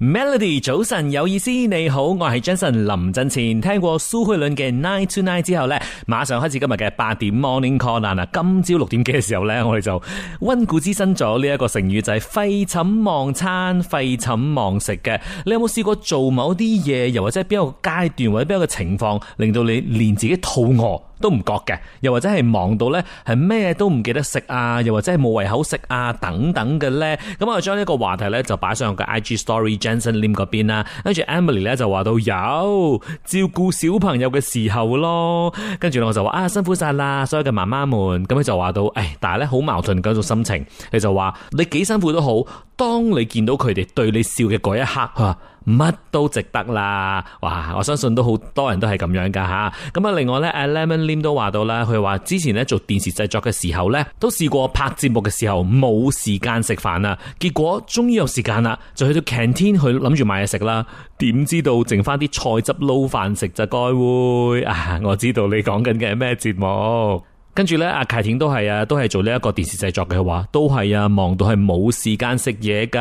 Melody，早晨有意思，你好，我係 Jason。臨陣前聽過蘇慧倫嘅《Night to Night》之後呢，馬上開始今日嘅八點 Morning Call 啦。嗱，今朝六點幾嘅時候呢，我哋就溫故知新咗呢一個成語，就係廢寢忘餐、廢寢忘食嘅。你有冇試過做某啲嘢，又或者係邊一個階段，或者邊一個情況，令到你連自己肚餓，都唔覺嘅，又或者係忙到呢，係咩都唔記得食啊，又或者係冇胃口食啊，等等嘅呢。咁啊，我將呢個話題呢，就擺上個 IG Story Jenson Lim 嗰邊啦。跟住 Emily 呢，就話到有照顧小朋友嘅時候咯。跟住呢我就話啊，辛苦晒啦，所有嘅媽媽們。咁佢就話到，誒、哎，但係呢，好矛盾嗰種心情。佢就話，你幾辛苦都好，當你見到佢哋對你笑嘅嗰一刻吓。啊乜都值得啦！哇，我相信都好多人都係咁樣噶嚇。咁啊，另外呢，阿，啊，Lemon Lim 都話到啦，佢話之前咧做電視製作嘅時候呢，都試過拍節目嘅時候冇時間食飯啊。結果終於有時間啦，就去到 canteen 去諗住買嘢食啦。點知道剩返啲菜汁撈飯食就該會啊！我知道你講緊嘅係咩節目？跟住咧，阿卡廷都係啊，都係做呢一個電視製作嘅話，都係啊，忙到係冇時間食嘢㗎。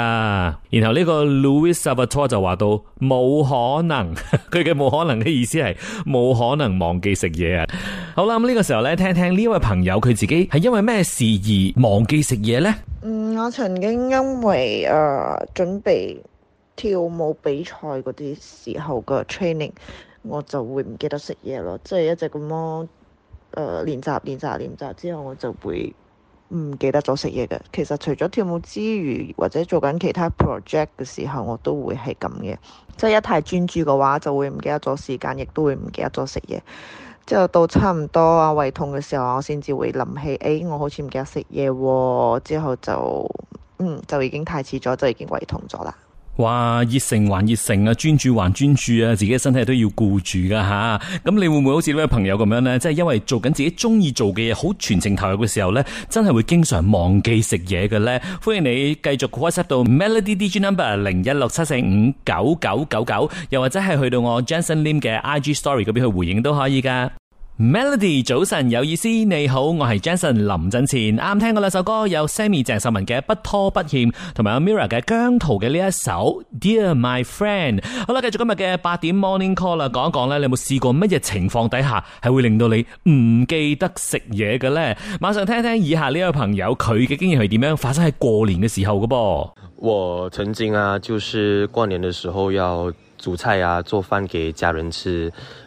然後呢個 Louis Salvatore 就話到冇可能，佢嘅冇可能嘅意思係冇可能忘記食嘢啊。好啦，咁、這、呢個時候咧，聽聽呢位朋友佢自己係因為咩事而忘記食嘢咧？嗯，我曾經因為誒、呃、準備跳舞比賽嗰啲時候嘅 training，我就會唔記得食嘢咯，即、就、係、是、一直咁樣。誒、呃、練習練習練習之後，我就會唔記得咗食嘢嘅。其實除咗跳舞之餘，或者做緊其他 project 嘅時候，我都會係咁嘅。即係一太專注嘅話，就會唔記得咗時間，亦都會唔記得咗食嘢。之後到差唔多啊，胃痛嘅時候，我先至會諗起，誒、欸、我好似唔記得食嘢喎。之後就嗯就已經太遲咗，就已經胃痛咗啦。話熱誠還熱誠啊，專注還專注啊，自己身體都要顧住噶吓。咁你會唔會好似呢位朋友咁樣呢？即係因為做緊自己中意做嘅嘢，好全情投入嘅時候呢，真係會經常忘記食嘢嘅呢。歡迎你繼續 WhatsApp 到 Melody DJ Number 零一六七四五九九九九，又或者係去到我 Jensen Lim 嘅 IG Story 嗰邊去回應都可以噶。Melody 早晨有意思，你好，我係 Jason 林振前，啱聽過兩首歌，有 Sammy 鄭秀文嘅不拖不欠，同埋阿 Mira 嘅姜濤嘅呢一首 Dear My Friend。好啦，繼續今日嘅八點 Morning Call 啦，講一講咧，你有冇試過乜嘢情況底下係會令到你唔記得食嘢嘅咧？馬上聽一聽以下呢位朋友佢嘅經驗係點樣，發生喺過年嘅時候嘅噃。我曾經啊，就是過年嘅時候要煮菜啊，做飯給家人吃。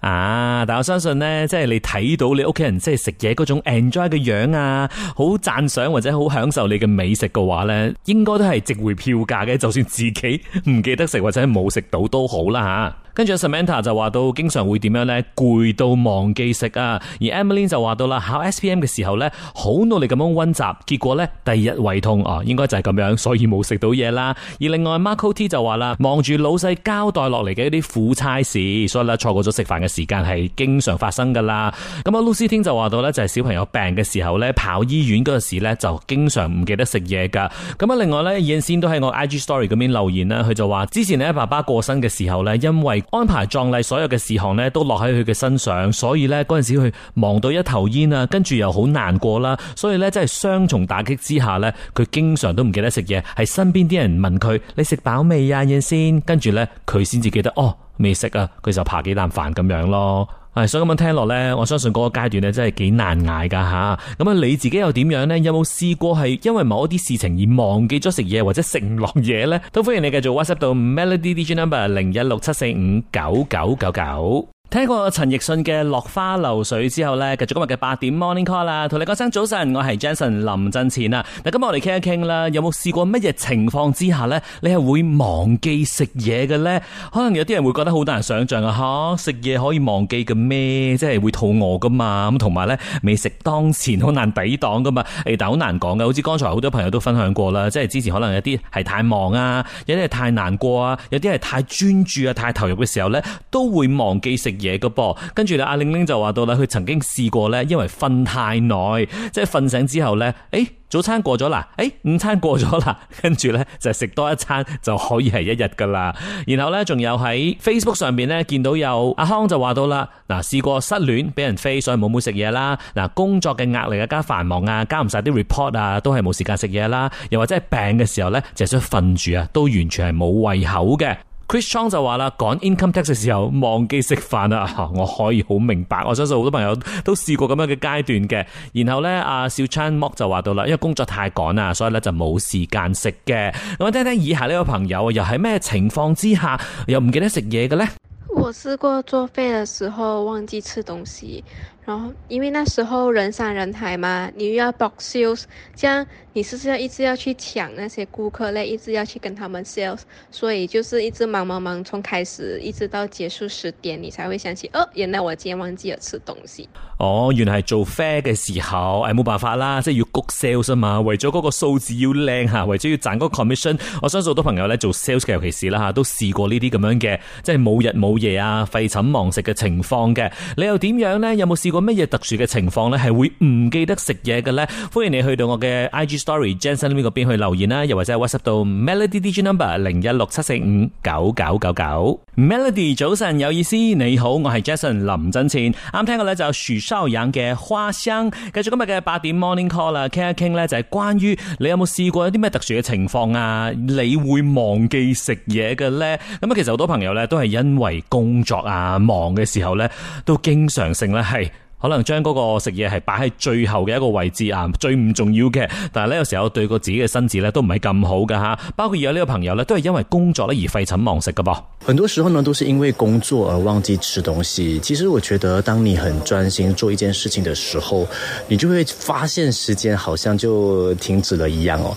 啊！但我相信呢，即係你睇到你屋企人即係食嘢嗰種 enjoy 嘅樣啊，好讚賞或者好享受你嘅美食嘅話呢，應該都係值回票價嘅。就算自己唔記得食或者冇食到都好啦吓。啊跟住 Samantha 就話到經常會點樣咧，攰到忘記食啊。而 Emily 就話到啦，考 S.P.M 嘅時候咧，好努力咁樣溫習，結果咧第二日胃痛哦、啊、應該就係咁樣，所以冇食到嘢啦。而另外 Marko T 就話啦，望住老細交代落嚟嘅一啲苦差事，所以啦錯過咗食飯嘅時間係經常發生噶啦。咁啊，Lucy Ting 就話到咧，就係小朋友病嘅時候咧，跑醫院嗰陣時咧，就經常唔記得食嘢噶。咁啊，另外咧燕仙都喺我 I.G Story 邊留言啦，佢就話之前咧爸爸過身嘅時候咧，因為安排葬禮所有嘅事項呢，都落喺佢嘅身上，所以呢嗰陣時佢忙到一頭煙啊，跟住又好難過啦，所以呢，真係雙重打擊之下呢，佢經常都唔記得食嘢，係身邊啲人問佢：你食飽未啊？先，跟住呢，佢先至記得哦，未食啊，佢就扒幾啖飯咁樣咯。係、嗯，所以咁樣聽落咧，我相信嗰個階段咧真係幾難挨噶吓。咁啊，你自己又點樣咧？有冇試過係因為某一啲事情而忘記咗食嘢或者食唔落嘢咧？都歡迎你繼續 WhatsApp 到 Melody Digital Number 零一六七四五九九九九。聽過陳奕迅嘅《落花流水》之後，呢繼續今日嘅八點 Morning Call 啦，同你講聲早晨，我係 Jason 林振錢啊。嗱，今日我嚟傾一傾啦，有冇試過乜嘢情況之下呢？你係會忘記食嘢嘅呢？可能有啲人會覺得好難想象啊，吓，食嘢可以忘記嘅咩？即係會肚餓噶嘛，咁同埋呢，未食當前好難抵擋噶嘛。但好難講嘅，好似剛才好多朋友都分享過啦，即係之前可能有啲係太忙啊，有啲係太難過啊，有啲係太專注啊、太投入嘅時候呢，都會忘記食嘢嘅噃，跟住咧，阿玲玲就話到啦，佢曾經試過咧，因為瞓太耐，即係瞓醒之後咧，誒，早餐過咗啦，誒，午餐過咗啦，跟住咧就食多一餐就可以係一日噶啦。然後咧，仲有喺 Facebook 上邊咧見到有阿康就話到啦，嗱，試過失戀俾人飛，所以冇冇食嘢啦。嗱，工作嘅壓力啊加繁忙啊，加唔晒啲 report 啊，都係冇時間食嘢啦。又或者係病嘅時候咧，就想瞓住啊，都完全係冇胃口嘅。Chris Chong 就話啦，講 income tax 嘅時候忘記食飯啦，啊，我可以好明白，我相信好多朋友都試過咁樣嘅階段嘅。然後呢，阿小昌 Mok 就話到啦，因為工作太趕啦，所以咧就冇時間食嘅。咁，啊，我聽聽以下呢個朋友又喺咩情況之下又唔記得食嘢嘅咧？我試過作廢嘅時候忘記吃東西，然後因為那時候人山人海嘛，你又要 box 你是唔是要一直要去搶那些顧客咧，一直要去跟他們 sales，所以就是一直忙忙忙，從開始一直到結束十點，你才會想起，哦，原來我今天忘記了吃東西。哦，原來係做 fair 嘅時候，誒、哎、冇辦法啦，即係要谷 sales 啊嘛，為咗嗰個數字要靚吓，為咗要賺嗰個 commission。我想好多朋友咧做 sales 嘅，尤其是啦吓，都試過呢啲咁樣嘅，即係冇日冇夜啊，廢寢忘食嘅情況嘅。你又點樣咧？有冇試過乜嘢特殊嘅情況咧？係會唔記得食嘢嘅咧？歡迎你去到我嘅 IG。story，Jason 喺邊去留言啦，又或者係 WhatsApp 到 Melody DJ number 零一六七四五九九九九。Melody，早晨有意思，你好，我係 Jason 林真前。啱聽過咧就樹梢養嘅花香。繼續今日嘅八點 morning call 啦，傾一傾咧就係、是、關於你有冇試過有啲咩特殊嘅情況啊？你會忘記食嘢嘅咧？咁啊，其實好多朋友咧都係因為工作啊忙嘅時候咧，都經常性咧係。可能將嗰個食嘢係擺喺最後嘅一個位置啊，最唔重要嘅。但係呢有時候對個自己嘅身子呢都唔係咁好噶吓。包括而家呢個朋友呢，都係因為工作咧，而廢寢忘食噶噃。很多時候呢，都是因為工作而忘記吃東西。其實我覺得，當你很專心做一件事情的時候，你就會發現時間好像就停止了一樣哦。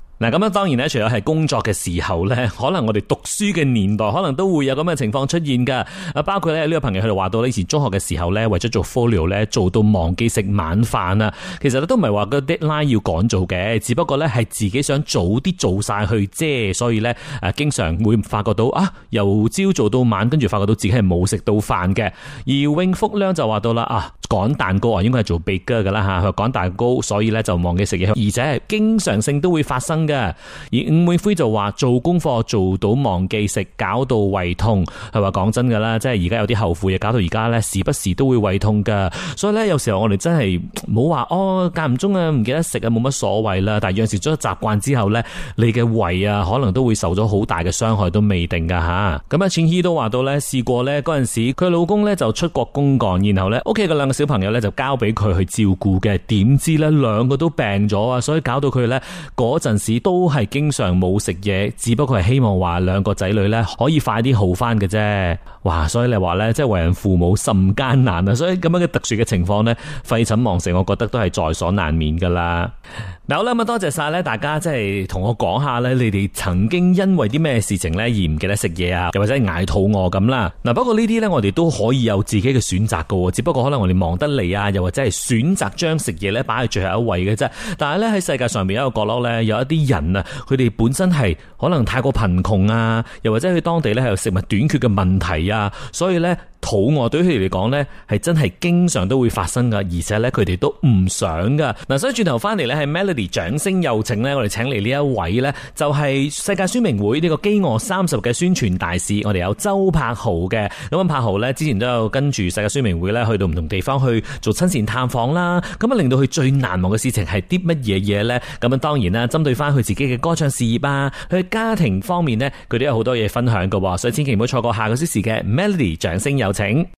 嗱，咁樣當然咧，除咗係工作嘅時候咧，可能我哋讀書嘅年代，可能都會有咁嘅情況出現噶。啊，包括咧呢個朋友佢哋話到以前中學嘅時候咧，為咗做 folio 咧，做到忘記食晚飯啊。其實咧都唔係話 deadline 要趕做嘅，只不過咧係自己想早啲做晒去啫。所以咧誒經常會發覺到啊，由朝做到晚，跟住發覺到自己係冇食到飯嘅。而永福咧就話到啦啊。講蛋糕啊，應該係做 burger 噶啦吓，佢講蛋糕，所以咧就忘記食嘢，而且係經常性都會發生嘅。而五妹灰就話做功課做到忘記食，搞到胃痛，係話講真噶啦，即係而家有啲後悔，又搞到而家咧時不時都會胃痛噶。所以咧，有時候我哋真係唔好話哦間唔中啊唔記得食啊冇乜所謂啦。但係養成咗習慣之後呢，你嘅胃啊可能都會受咗好大嘅傷害都未定噶吓。咁阿千希都話到呢，試過呢嗰陣時佢老公呢就出國公幹，然後呢屋企個兩個。小朋友咧就交俾佢去照顧嘅，點知咧兩個都病咗啊！所以搞到佢咧嗰陣時都係經常冇食嘢，只不過係希望話兩個仔女咧可以快啲好翻嘅啫。哇！所以你話咧，即係為人父母甚艱難啊！所以咁樣嘅特殊嘅情況呢，廢寢忘食，我覺得都係在所難免噶啦。嗱，好啦，咁多謝晒咧大家，即係同我講下咧，你哋曾經因為啲咩事情咧而唔記得食嘢啊，又或者挨肚餓咁啦。嗱，不過呢啲咧我哋都可以有自己嘅選擇噶，只不過可能我哋望。得嚟啊，又或者係選擇將食嘢咧擺喺最後一位嘅啫。但係咧喺世界上面一個角落咧，有一啲人啊，佢哋本身係可能太過貧窮啊，又或者佢當地咧係有食物短缺嘅問題啊，所以咧。肚餓對佢哋嚟講呢，係真係經常都會發生噶，而且呢，佢哋都唔想噶。嗱，所以轉頭翻嚟呢，係 Melody 掌聲有請呢。我哋請嚟呢一位呢，就係世界宣明會呢個饑餓三十嘅宣傳大使，我哋有周柏豪嘅。咁樣柏豪呢之前都有跟住世界宣明會呢去到唔同地方去做親善探訪啦。咁樣令到佢最難忘嘅事情係啲乜嘢嘢呢？咁樣當然啦，針對翻佢自己嘅歌唱事業啊，佢家庭方面呢，佢都有好多嘢分享嘅喎。所以千祈唔好錯過下個小時嘅 Melody 掌聲有。請。